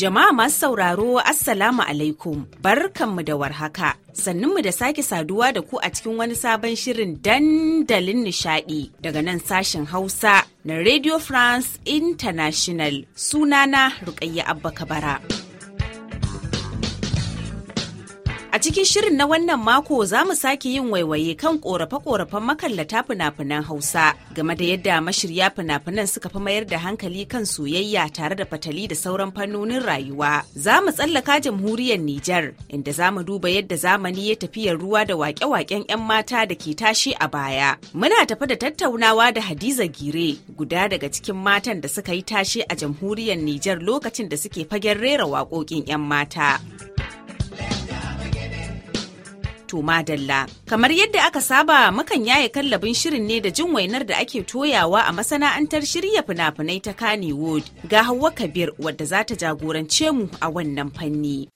Jama'a masu sauraro Assalamu alaikum barkanmu da warhaka mu da sake saduwa da ku a cikin wani sabon shirin dandalin nishadi daga nan sashen Hausa na Radio France International sunana Rukayya Abba Kabara. A cikin shirin na wannan mako za mu sake yin waiwaye kan ƙorafe korafen makallata fina-finan Hausa game da yadda mashirya fina-finan suka fi mayar da hankali kan soyayya tare da fatali da sauran fannonin rayuwa. Za mu tsallaka jamhuriyar Nijar inda za mu duba yadda zamani ya tafiyar ruwa da waƙe-waƙen 'yan mata da ke tashi a baya. Muna tafi da tattaunawa da Hadiza Gire guda daga cikin matan da suka yi tashi a jamhuriyar Nijar lokacin da suke fagen rera waƙoƙin 'yan mata. To madalla. Kamar yadda aka saba mukan yaye kallabin shirin ne da jin wainar da ake toyawa a masana'antar shirya fina-finai ta Kannywood ga Hauwa Kabir wadda za ta jagorance mu a wannan fanni.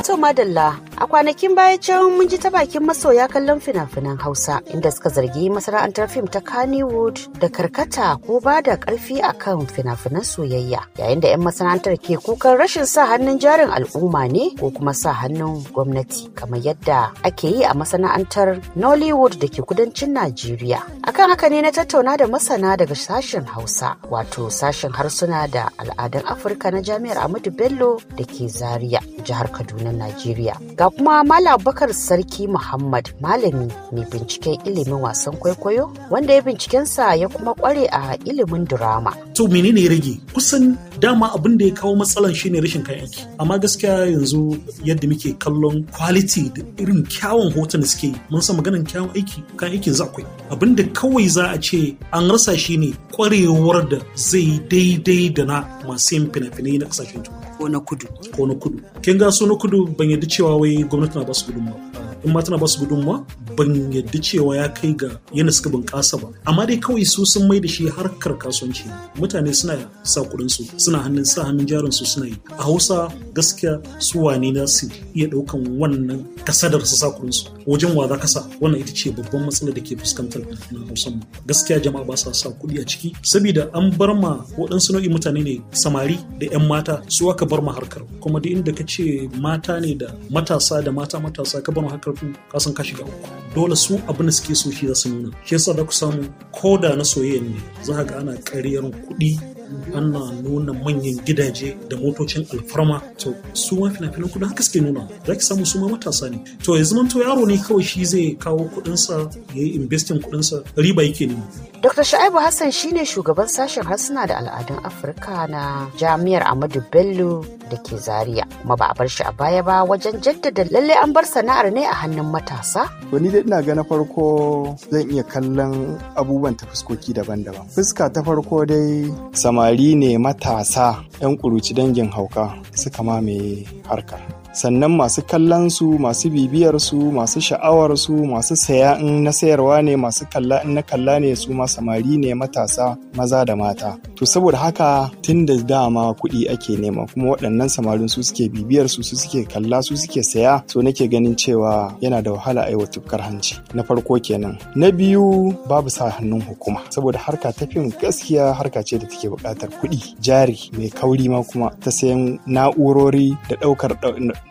To madalla a kwanakin baya can mun ji ta bakin masoya kallon fina-finan Hausa inda suka zargi masana'antar fim ta Kannywood da karkata ko ba da karfi akan fina-finan soyayya yayin da 'yan masana'antar ke kukan rashin sa hannun jarin al'umma ne ko kuma sa hannun gwamnati kamar yadda ake yi a masana'antar Nollywood da ke kudancin Najeriya. Akan haka ne na tattauna da masana daga sashen Hausa wato sashen harsuna da al'adun Afirka na Jami'ar Ahmadu Bello da ke Zaria jihar Kaduna. na Najeriya. Ga kuma Malam Bakar Sarki Muhammad malami mai binciken ilimin wasan kwaikwayo wanda ya bincikensa ya kuma kware a ilimin drama. To menene ya rage? Kusan dama abin da ya kawo matsalan shine rashin kayan aiki. Amma gaskiya yanzu yadda muke kallon quality da irin kyawun hoton da suke mun san maganan kyawun aiki kan aikin za akwai. Abin da kawai za a ce an rasa shine kwarewar da zai daidai da na masu yin fina-finai na kasashen turai. ko na kudu ko na kudu kin ga su na kudu ban yadda cewa wai gwamnati na ba su gudunmawa in ma tana ba su gudunmuwa ban yadda cewa ya kai ga yana suka bunƙasa ba amma dai kawai su sun mai da shi harkar kasuwanci mutane suna sa kuɗin su suna hannun sa hannun jarin su suna yi a hausa gaskiya su wane na su iya ɗaukan wannan kasadar su sa kuɗin su wajen wa za ka sa wannan ita ce babban matsalar da ke fuskantar na hausan mu gaskiya jama'a ba sa sa kuɗi a ciki saboda an bar ma waɗansu nau'in mutane ne samari da 'yan mata su aka bar ma harkar kuma duk inda ka ce mata ne da matasa da mata matasa ka bar ma harkar karɓu kasan ka shiga uku dole su abin da suke so shi za su nuna shi yasa da ku samu koda na soyayya ne za ga ana kariyar kuɗi ana nuna manyan gidaje da motocin alfarma to su ma fina-finan kudin haka suke nuna za ki samu su ma matasa ne to ya zama to yaro ne kawai shi zai kawo kudinsa ya yi investin kudinsa riba yake nema Dr. Sha'ibu Hassan shine shugaban sashen harsuna da al'adun Afirka na Jami'ar Ahmadu Bello da ke Zaria. Kuma ba a bar shi a baya ba wajen jaddada lalle an bar sana'ar ne a hannun matasa. Wani dai ina ga na farko zan iya kallon abubuwan ta fuskoki daban-daban. Fuska ta farko dai sama samari ne matasa 'yan kuruci dangin hauka suka mamaye harkar sannan masu kallon masu bibiyarsu, masu sha'awarsu, masu saya in na sayarwa ne masu kalla in na kalla ne su ma samari ne matasa maza da mata to saboda haka tun da dama kuɗi ake nema kuma waɗannan samarin su suke bibiyar su su suke kalla su suke saya to nake ganin cewa yana da wahala a yi tufkar hanci na farko kenan na biyu babu sa hannun hukuma saboda harka ta fim gaskiya harka ce da take buƙatar kuɗi jari mai kauri ma kuma ta sayan na'urori da ɗaukar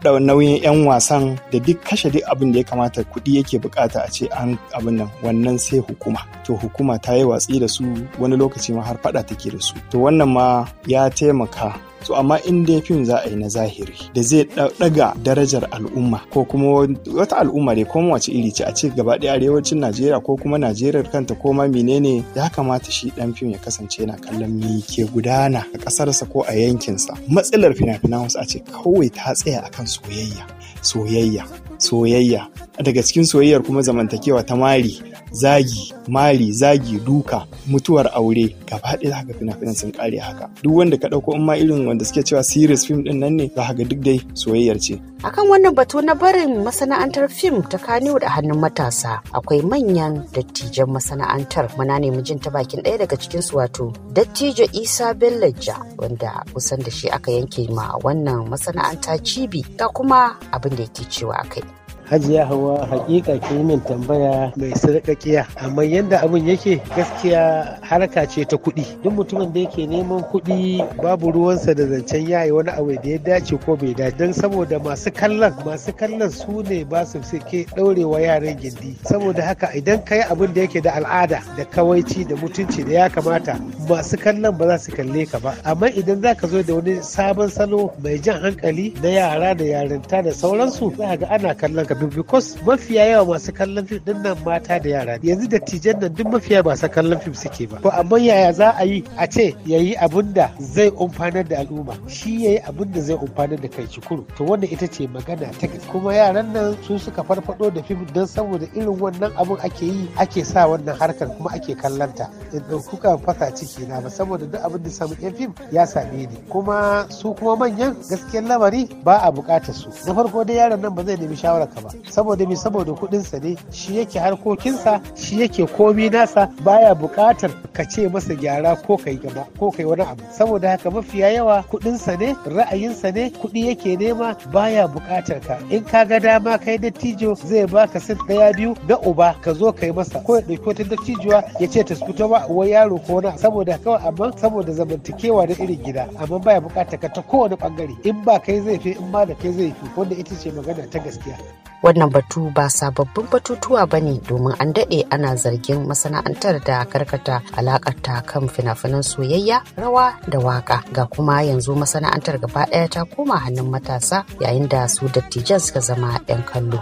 da nauyin 'yan wasan da duk kashe duk abin da ya kamata kuɗi yake bukata a ce an abin nan wannan sai hukuma to hukuma ta yi watsi da su wani lokaci ma har faɗa take da su to wannan ma ya taimaka so amma in dai fim za a yi na zahiri da zai daga darajar al'umma ko kuma wata al'umma dai koma wace iri ce a ce gaba ɗaya arewacin najeriya ko kuma najeriyar kanta ko ma menene ya kamata shi dan fim ya kasance yana kallon me ke gudana a ƙasarsa ko a yankinsa matsalar fina-finan wasu a ce kawai ta tsaya akan soyayya soyayya soyayya daga cikin soyayyar kuma zamantakewa ta mari zagi mali zagi duka mutuwar aure gaba ɗaya haka fina-finan sun kare haka duk wanda ka ɗauko in ma irin wanda suke cewa series film ɗin nan ne za ga duk dai soyayyar ce akan wannan batu na barin masana'antar fim ta kaniwo da hannun matasa akwai manyan dattijan masana'antar muna nemi jin ta bakin ɗaya daga cikin su wato dattijo isa bellaja wanda kusan da shi aka yanke ma wannan masana'anta cibi ga kuma abin da yake cewa akai hajiya hawa hakika ke min tambaya mai sarkakiya amma yadda abin yake gaskiya harka ce ta kuɗi duk mutumin da yake neman kuɗi babu ruwansa da zancen yayi wani abu da ya dace ko bai dace don saboda masu kallon masu kallon su ne ba su suke ɗaurewa yaran gindi saboda haka idan ka yi abin da yake da al'ada da kawaici da mutunci da ya kamata masu kallon ba za su kalle ka ba amma idan za ka zo da wani sabon salo mai jan hankali na yara da yarinta da sauransu za ga ana kallon ka abin mafiya yawa masu kallon fim din nan mata da yara yanzu dattijan nan duk mafiya masu kallon fim suke ba to amma yaya za a yi a ce yayi abin da zai umfanar da al'umma shi yayi abin da zai umfanar da kai cikuru to wannan ita ce magana ta kuma yaran nan su suka farfado da fim don saboda irin wannan abun ake yi ake sa wannan harkar kuma ake kallanta in kuka fasa ciki na ba saboda duk abin da samu yan fim ya same ni kuma su kuma manyan gaskiyar lamari ba a bukatar su na farko dai yaran nan ba zai nemi shawarar ka ba ba saboda me saboda kudinsa ne shi yake harkokinsa shi yake komi nasa baya bukatar ka ce masa gyara ko kai gaba ko kai wani abu saboda haka mafiya yawa kuɗinsa ne ra'ayinsa ne kuɗi yake nema baya bukatar ka in ka ga dama kai dattijo zai baka sit daya biyu na uba ka zo kai masa ko ya ɗauki wata dattijuwa ya ce ta fito ba uwar yaro ko na saboda kawai amma saboda zamantakewa na irin gida amma baya bukatar ka ta kowane bangare in ba kai zai fi in ma da kai zai fi wanda ita ce magana ta gaskiya wannan batu ba sababbin batutuwa ba ne domin an daɗe ana zargin masana'antar da karkata alakarta kan fina-finan soyayya rawa da waka ga kuma yanzu masana'antar gaba ɗaya ta koma hannun matasa yayin da su dattijan suka zama 'yan kallo.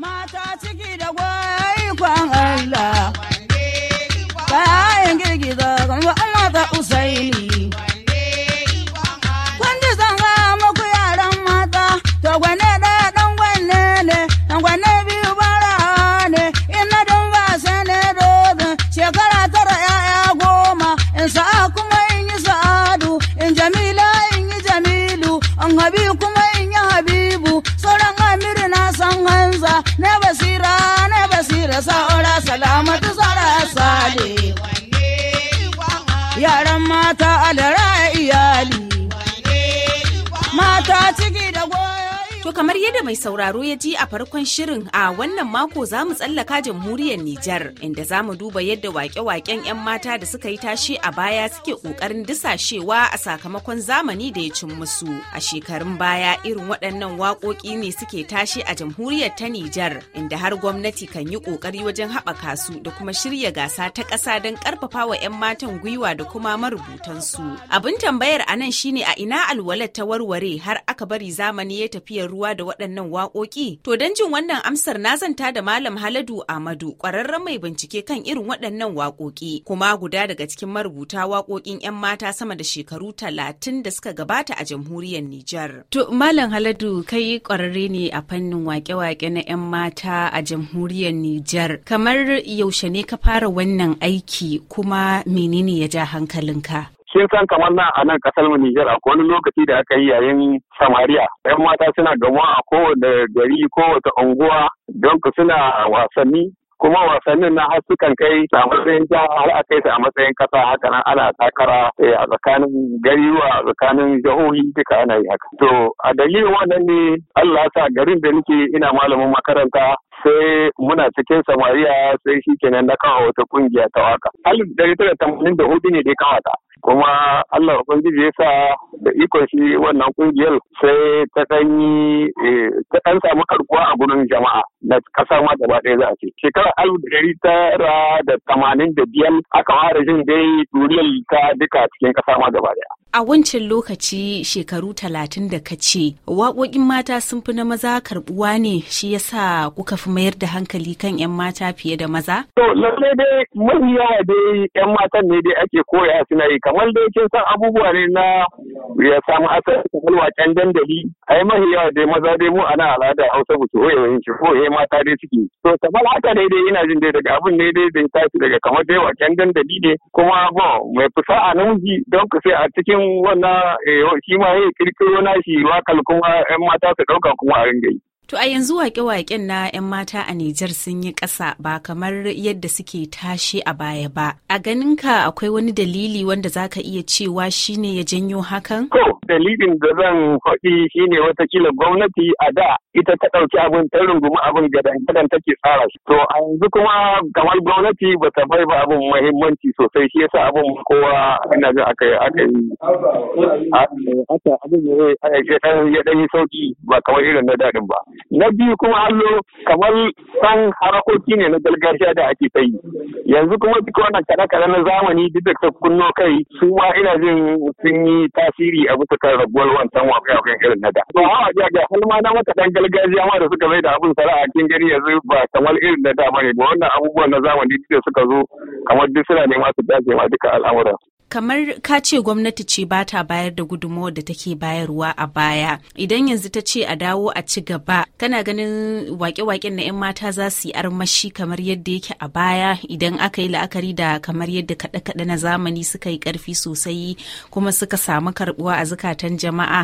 Mata ciki da Allah. yaran mata alara iyali mata ciki da goyi To kamar yadda mai sauraro ya ji a farkon shirin a wannan mako za mu tsallaka jamhuriyar Nijar inda za mu duba yadda wake-waken 'yan mata da suka yi tashe a baya suke ƙoƙarin disashewa a sakamakon zamani da ya cin musu. A shekarun baya irin waɗannan waƙoƙi ne suke tashe a jamhuriyar ta Nijar inda har gwamnati kan yi ƙoƙari wajen haɓaka su da kuma shirya gasa ta ƙasa don ƙarfafa wa 'yan matan gwiwa da kuma marubutan su. Abin tambayar a nan shine a ina alwalar ta warware har aka bari zamani ya tafi ruwa wa da waɗannan waƙoƙi? To don jin wannan amsar na zanta da Malam Haladu amadu ƙwararren mai bincike kan irin waɗannan waƙoƙi kuma guda daga cikin marubuta waƙoƙin 'yan mata sama da shekaru talatin da suka gabata a jamhuriyar Nijar. To Malam Haladu kai ƙwararre ne a fannin waƙe-waƙe na 'yan mata a jamhuriyar Nijar. Kamar yaushe ne ka fara wannan aiki kuma menene ya ja hankalinka? kin san kamar na a nan kasar mu Nijar a wani lokaci da aka yi yayin samariya yan mata suna gamuwa a kowane gari ko wata unguwa don ku suna wasanni kuma wasannin na har sukan kai a matsayin har a kai su a matsayin kasa haka nan ana takara eh, a tsakanin gariwa a tsakanin jihohi duka ana yi haka to a dalilin wannan ne Allah sa garin da nake ina malamin makaranta sai muna cikin samariya sai shi kenan na kawo wata kungiya ta waka alif dari tara tamanin da hudu ne dai kawata kuma Allah ubangiji ya sa da ikon shi wannan kungiyar sai ta kan eh, ta kan samu karkuwa a gurin jama'a na kasa ma gaba ɗaya za a ce shekarar alif da ɗari tara da tamanin da biyar aka fara jin dai duniyar ta duka cikin ƙasa ma gaba ɗaya a wancan lokaci shekaru talatin da ka ce waƙoƙin mata sun fi na maza karɓuwa ne shi yasa kuka fi mayar da hankali kan 'yan mata fiye da maza? to lallai dai mafi yawa dai 'yan matan ne dai ake koya suna yi kamar dai kin san abubuwa ne na ya samu asali kamar waken dandali ai mahi yawa dai maza dai mu ana al'ada hausa ba su hoye yin shi eh mata dai suke to kamar haka dai dai ina jin dai daga abin ne dai da tashi daga kamar dai waken dandali ne kuma ba mai fusa a namiji don ku sai a cikin wannan eh, shi ma ya kirkiro na shi wakal kuma yan mata su ɗauka kuma a ringa yi. To a yanzu waƙe-waƙen na 'yan mata a Nijar sun yi ƙasa ba kamar yadda suke tashi a baya ba. A ganinka akwai wani dalili wanda za ka iya cewa shine ya janyo hakan? dalilin da zan faɗi shine watakila gwamnati a da ita ta ɗauki abin ta rungumi abin gadan-gadan take tsara shi. To a yanzu kuma kamar gwamnati ba ta bai ba abin muhimmanci sosai shi yasa abin kowa ina jin aka yi aka yi aka abin ya ɗan yi sauki ba kamar irin na daɗin ba. Na biyu kuma allo kamar san harakoki ne na gargajiya da ake ta yi. Yanzu kuma duk wannan kaɗe-kaɗe na zamani duk da ta kunno kai su ma ina jin sun yi tasiri a bisa kan rabuwar wancan wakai-wakai irin na da. To ma a ga ma na dan gargajiya ma da suka mai da abin a cikin gari yanzu ba kamar irin na da bane ba wannan abubuwan na zamani da suka zo kamar duk suna nema su dace ma duka al'amuran. kamar ka ce gwamnati ce ba ta bayar da gudunmawar da take bayarwa a baya idan yanzu ta ce a dawo a ci gaba kana ganin wake-waken na 'yan mata za su yi armashi kamar yadda yake a baya idan aka yi la'akari da kamar yadda kaɗe-kaɗe na zamani suka yi ƙarfi sosai kuma suka samu karɓuwa a zukatan jama'a.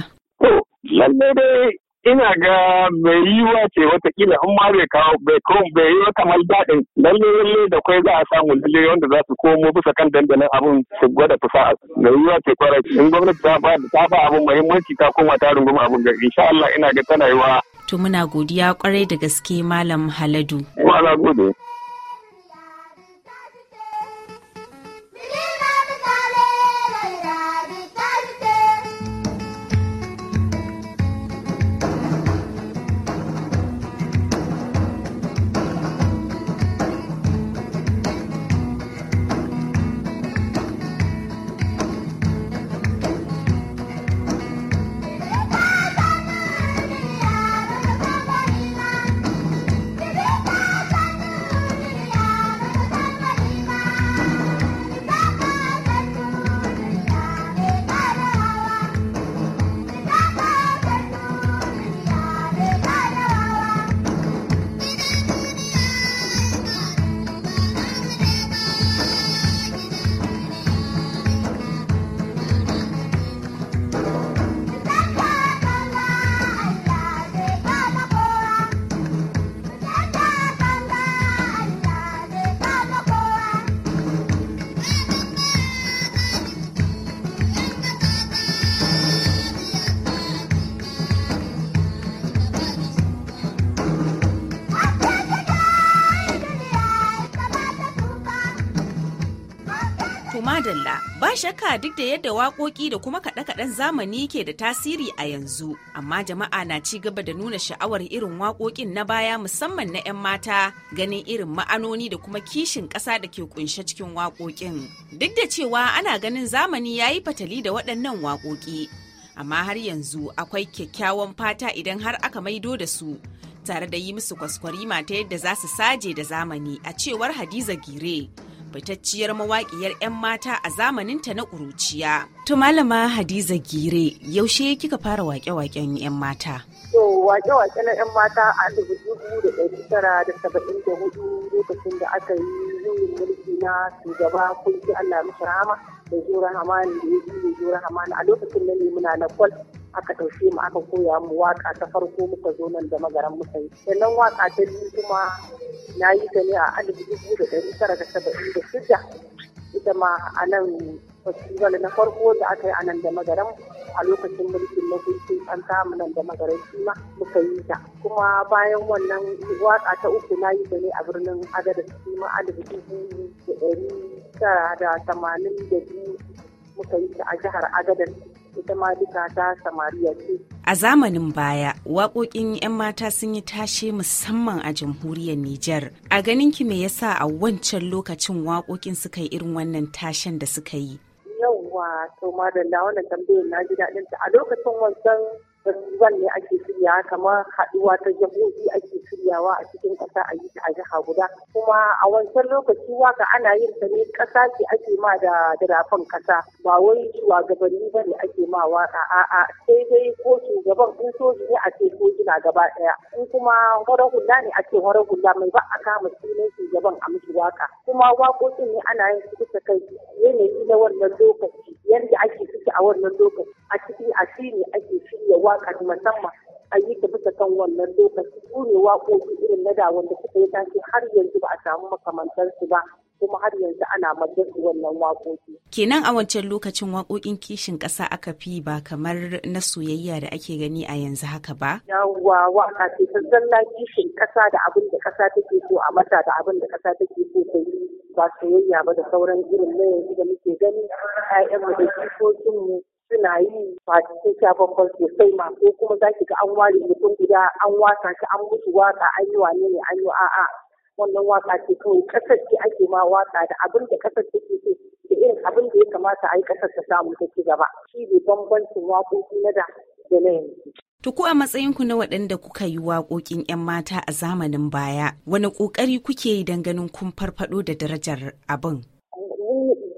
ina ga mai yiwa ce watakila in ma bai kawo bai kawo bai yi kamar daɗin lalle lalle da kwai za a samu lalle wanda za su komo bisa kan dandalin abin su gwada fusa mai wa ce kwarai in gwamnati ta ba ta abin muhimmanci ta koma ta runguma abin gari insha Allah ina ga tana yi wa. To muna godiya kwarai da gaske Malam Haladu. gode. Madalla ba shakka duk da yadda waƙoƙi da kuma kaɗe-kaɗen zamani ke da tasiri a yanzu, amma jama'a na ci gaba da nuna sha'awar irin waƙoƙin na baya musamman na 'yan mata ganin irin ma'anoni da kuma kishin ƙasa da ke kunshe cikin waƙoƙin. Duk da cewa ana ganin zamani ya yi fatali da waɗannan waƙoƙi, amma har yanzu akwai kyakkyawan fata idan har aka maido da su. tare da yi musu kwaskwari mata yadda za su saje da zamani a cewar Hadiza Gire. fitacciyar mawaƙiyar 'yan mata a zamaninta na ƙuruciya. To malama Hadiza Gire yaushe kika fara waƙe-waƙen 'yan mata? To waƙe-waƙe na 'yan mata a lokacin da aka yi yin mulki na shugaba kunshi Allah mishi rahama da na hamani da ya juyin jura a lokacin da ne muna na kwal aka ɗauke mu aka koya mu waƙa ta farko muka zo nan da magaran muka yi sannan waƙa ta biyu kuma na yi ta ne a alif dubu da ɗari tara da saba'in da shida ita ma a nan festival na farko da aka yi a nan da magaran a lokacin mulkin na gunki an samu nan da magaran shi ma muka yi ta kuma bayan wannan waƙa ta uku na yi ta ne a birnin agadar shi ma alif dubu da ɗari tara da tamanin da biyu muka yi ta a jihar agadar ita ma duka ta samariya ce. A zamanin baya, waƙoƙin 'yan mata sun yi tashe musamman a jamhuriyar Nijar. A ganin ki me yasa a wancan lokacin waƙoƙin suka yi irin wannan tashen da suka yi? Yawwa, to madalla wannan tambayar na ji daɗin ta a lokacin wancan festival ne ake shiryawa kamar haɗuwa ta jihohi ake shiryawa a cikin ƙasa a yi a jiha guda kuma a wancan lokaci waka ana yin ta ne ƙasa ce ake ma da dirafan ƙasa ba wai shugabanni ba ne ake ma waka a'a sai dai ko shugaban in soji ne a ce sojina gaba ɗaya in kuma horar hula ne a ce hula mai ba a kama sunan shugaban a mishi waka kuma waƙoƙin ne ana yin su kusa kai yanayi na wannan lokaci yadda ake ciki a wannan lokaci a cikin asiri ake shirya waƙar musamman a yi ta bisa kan wannan lokaci su ne waƙoƙi irin na da wanda suka yi tashi har yanzu ba a samu makamantar su ba kuma har yanzu ana madar wannan waƙoƙi. Kenan a wancan lokacin waƙoƙin kishin ƙasa aka fi ba kamar na soyayya da ake gani a yanzu haka ba? Yawwa waƙa ce ta zalla kishin ƙasa da abin da ƙasa take so a mata da abin da ƙasa take so ta yi ba soyayya ba da sauran irin na yanzu da muke gani 'ya'yanmu da jikokinmu suna yi fatin sha bambam sosai ma ko kuma za ki ga an ware mutum guda an wasa shi an musu waka an yi wane ne an yi a'a wannan waka ce kawai kasar ce ake ma waka da abin da kasar take so da irin abin da ya kamata a yi kasar ta samu ta ci gaba shi ne bambancin waƙoƙi na da da na yanzu. Tuku a matsayinku na waɗanda kuka yi waƙoƙin 'yan mata a zamanin baya, wani ƙoƙari kuke yi don ganin kun farfaɗo da darajar abin?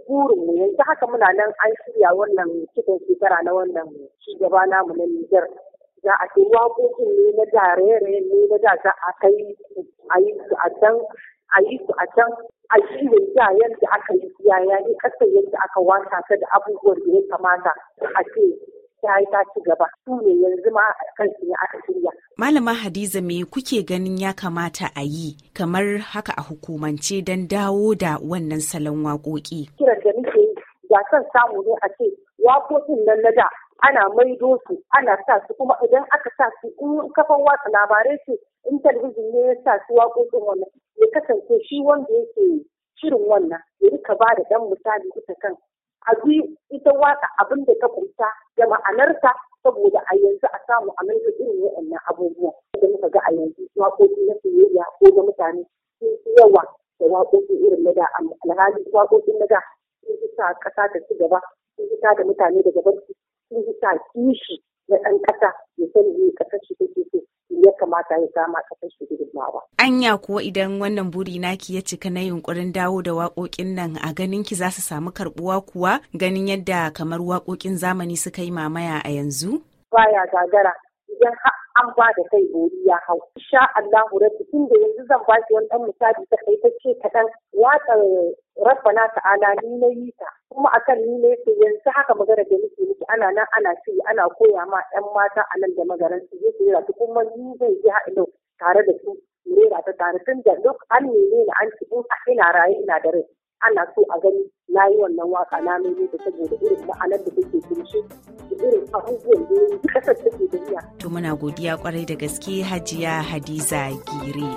burin mu yanzu haka muna nan an shirya wannan cikin shekara na wannan shugaba namu na Nijar za a ce wakokin ne na jarere ne na da za a kai a yi su a can a yi su a can a shi ne da yadda aka yi yaya ne kasar yadda aka wata ta da abubuwan da ya kamata a ce ta yi ta ci gaba su ne yanzu ma a kan su ne aka shirya. Malama Hadiza me kuke ganin ya kamata a yi kamar haka a hukumance don dawo da wannan salon waƙoƙi. Kiran da muke yi da son samu ne a ce waƙoƙin nan na da ana maido su ana sa su kuma idan aka sa su in kafan watsa labarai ce in talabijin ne ya sa su waƙoƙin wannan ya kasance shi wanda yake shirin wannan ya rika ba da ɗan misali ita kan a bi ita waka abin da ta kunta da ma'anarta saboda a yanzu a samu a mai irin waɗannan abubuwa. da muka ga a yanzu waƙoƙi na soyayya ko da mutane sun fi yawa da waƙoƙi irin na da alhali waƙoƙin na da sun fi sa ƙasa ta ci gaba sun fi sa da mutane daga barci sun fi sa kishi na ɗan ƙasa ya sani ne ƙasar shi take so ya kamata ya kama ƙasar shi gudunmawa. Anya kuwa idan wannan buri naki ya cika na yunƙurin dawo da waƙoƙin nan a ganin ki za su samu karɓuwa kuwa ganin yadda kamar waƙoƙin zamani suka yi mamaya a yanzu? Baya gagara idan an ba da kai bori ya hau. Sha Allahu Rabbi tun da yanzu zan ba shi wani ɗan misali ta kai ta ce kaɗan watsa rabba na ta'ala ni na yi ta kuma a kan ne ke yanzu haka magana da muke miki ana nan ana ci ana koya ma yan mata a nan da magaran su yi su ta kuma ni zai je haɗin tare da su rera ta tare tun da duk an nile na an ci in ina raye ina da rai ana so a gani na yi wannan waka na nile da saboda irin ma'anar da take kunshi da irin abubuwan da yi kasar take duniya. To muna godiya kwarai da gaske Hajiya Hadiza Gire.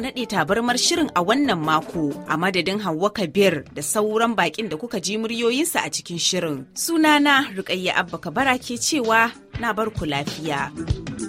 mu naɗe tabarmar shirin a wannan mako a madadin Hauwa Kabir da sauran bakin da kuka ji muryoyinsa a cikin shirin. Sunana Rukayya Abba Kabara ke cewa na bar ku lafiya.